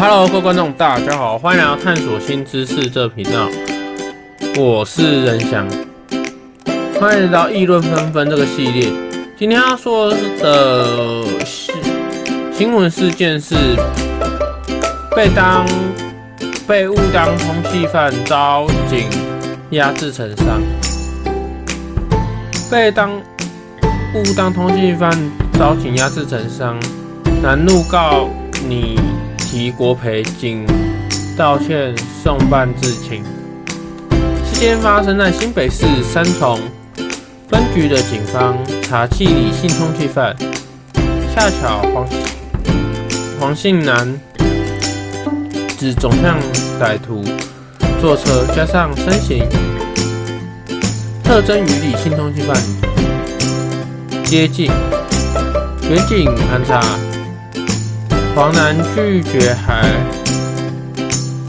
哈嘍，各位觀眾，大家好，歡迎來到探索新知識這頻道，我是仁翔，歡迎來到議論紛紛這個系列。今天要說的是、呃、新，新聞事件是被當被誤當通緝犯，遭警壓制成傷；被當誤當通緝犯，遭警壓制成傷，男怒告你。提國賠，警道歉，送辦自請。事件發生在新北市三重分局的警方查緝李姓通緝犯，恰巧黃黃姓男子指總向歹徒座車，加上身形特徵與李姓通緝犯接近，員警盤查。黃男拒絕還，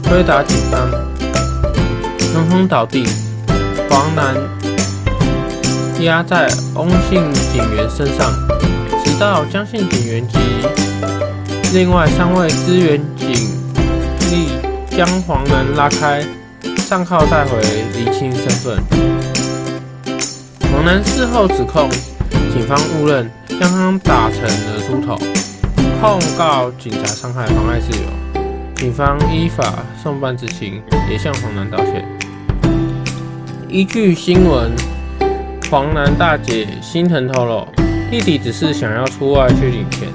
推打警方，紛紛倒地。黃男壓在翁姓警員身上，直到江姓警員及另外三位支援警力將黃男拉開，上銬帶回釐清身份。黃男事後指控警方誤認，將他打成了豬頭。控告警察傷害、妨害自由，警方依法送辦執行，也向黃男道歉。依據新聞，黃男大姐心疼透露，弟弟只是想要出外去領錢，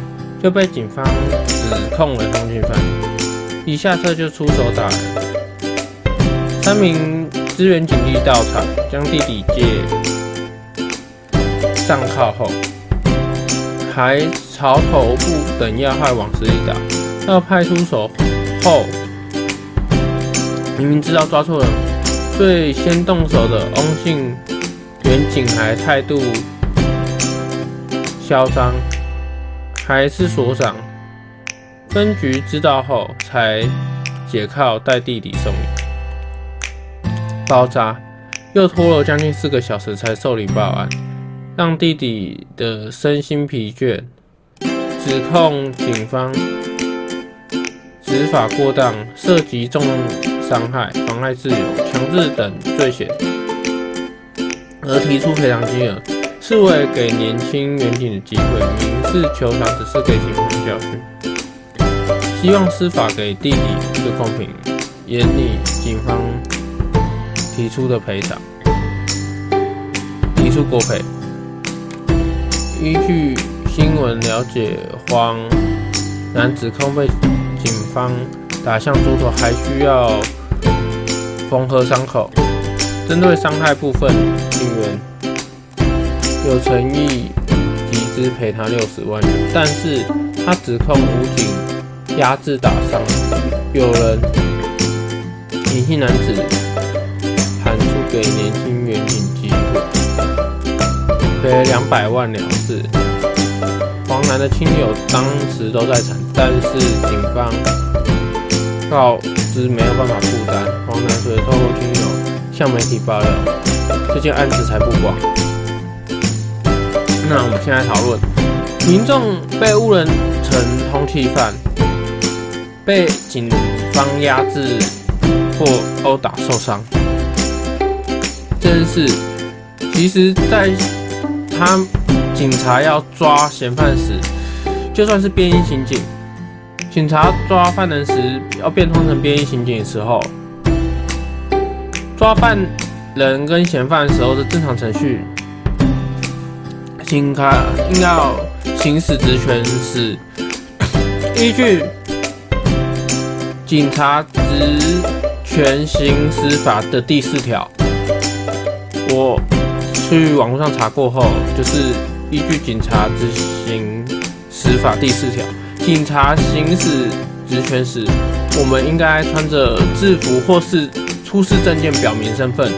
就被警方指控為通緝犯，一下車就出手打人。三名支援警力到場，將弟弟接上銬後。還朝頭部等要害往死裡打。到派出所後，明明知道抓錯了，最先動手的翁姓員警還態度囂張，還是所長。分局知道後才解銬帶弟弟送醫包紮，又拖了將近四個小時才受理報案。讓弟弟的身心疲倦，指控警方執法過當，涉及重傷害、妨礙自由、強制等罪行，而提出賠償金額，是為給年輕民警的機會，民事求償，只是給警方教訓，希望司法給弟弟一個公平，嚴厲警方提出的賠償，提出國賠。依據新聞了解，黃男指控被警方打向豬頭，還需要縫合傷口。針對傷害部分，警員有誠意集資賠他六十萬元，但是他指控武警壓制打傷，有人。年輕男子喊出給年輕原因。兩百萬兩次黃楠的親友當時都在場，但是警方告知沒有辦法負擔，黃所以透過親友向媒體爆料，這件案子才不管。那我們現在討論，民眾被誤認成通緝犯，被警方壓制或毆打受傷，真是其實在。他警察要抓嫌犯時，就算是便衣刑警，警察抓犯人時要變通成便衣刑警的時候，抓犯人跟嫌犯的時候的正常程序，警察應該要行使職權時，依據警察職權行使法的第四條，我。去網絡上查過後，就是依據《警察執行司法》第四條，警察行使職權時，我們應該穿着制服或是出示證件表明身份，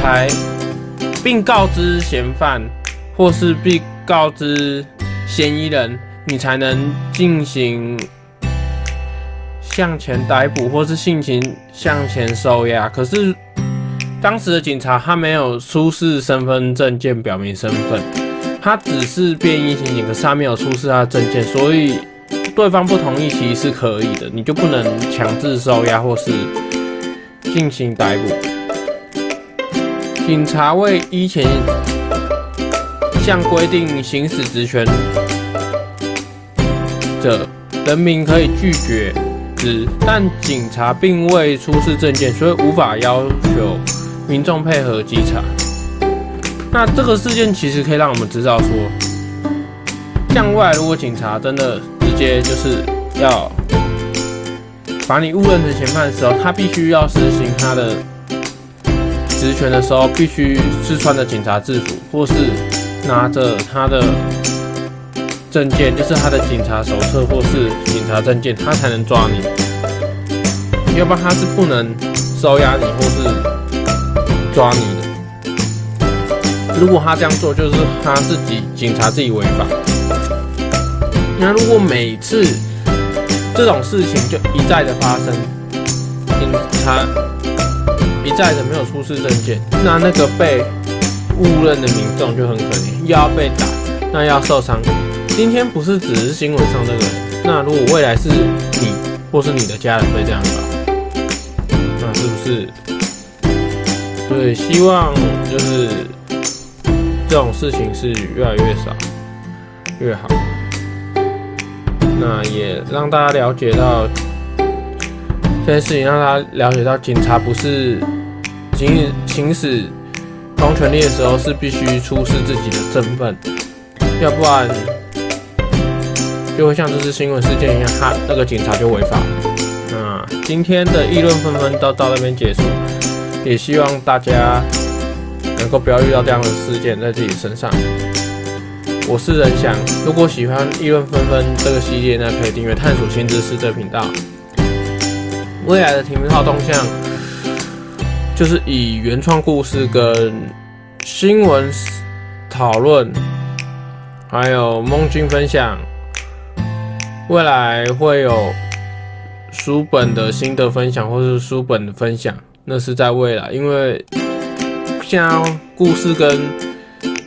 才並告知嫌犯或是並告知嫌疑人，你才能進行向前逮捕或是性情向前收押。可是。當時的警察他沒有出示身份證件表明身份，他只是便衣刑警，可是他沒有出示他的證件，所以對方不同意其實是可以的，你就不能強制收押或是進行逮捕。警察未依前項規定行使職權者，人民可以拒絕之，但警察並未出示證件，所以無法要求。民眾配合稽查。那這個事件其實可以讓我們知道說，向外如果警察真的直接就是要把你誤認成嫌犯的時候，他必須要實行他的職權的時候，必須是穿着警察制服，或是拿着他的證件，就是他的警察手冊或是警察證件，他才能抓你。你要不然他是不能收押你或是。抓你的。如果他這樣做，就是他自己警察自己違法。那如果每次這種事情就一再的發生，警察一再的沒有出示證件，那那個被誤認的民眾就很可憐，又要被打，那又要受傷。今天不是只是新聞上這個人，那如果未來是你或是你的家人被這樣搞，那是不是？對、就是，希望就是這種事情是越來越少越好。那也讓大家了解到這件事情，讓大家了解到警察不是行使行使公權力的時候是必須出示自己的身份，要不然就會像這次新聞事件一樣，哈，那個警察就違法了。那今天的議論紛紛都到那邊結束。也希望大家能夠不要遇到這樣的事件在自己身上。我是仁翔，如果喜歡《議論紛紛》這個系列呢，可以訂閱《探索新知識》這頻道。未來的題目號動向，就是以原創故事、跟新聞討論，還有夢境分享。未來會有書本的心得分享，或是書本的分享。那是在未來，因為像故事跟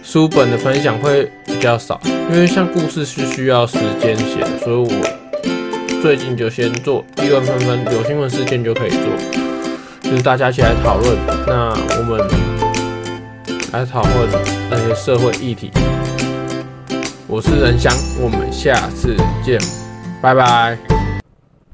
書本的分享會比較少，因為像故事是需要時間寫的，所以我最近就先做議論紛紛，有新聞事件就可以做，就是大家一起來討論。那我們來討論那些社會議題。我是仁翔，我們下次見，拜拜。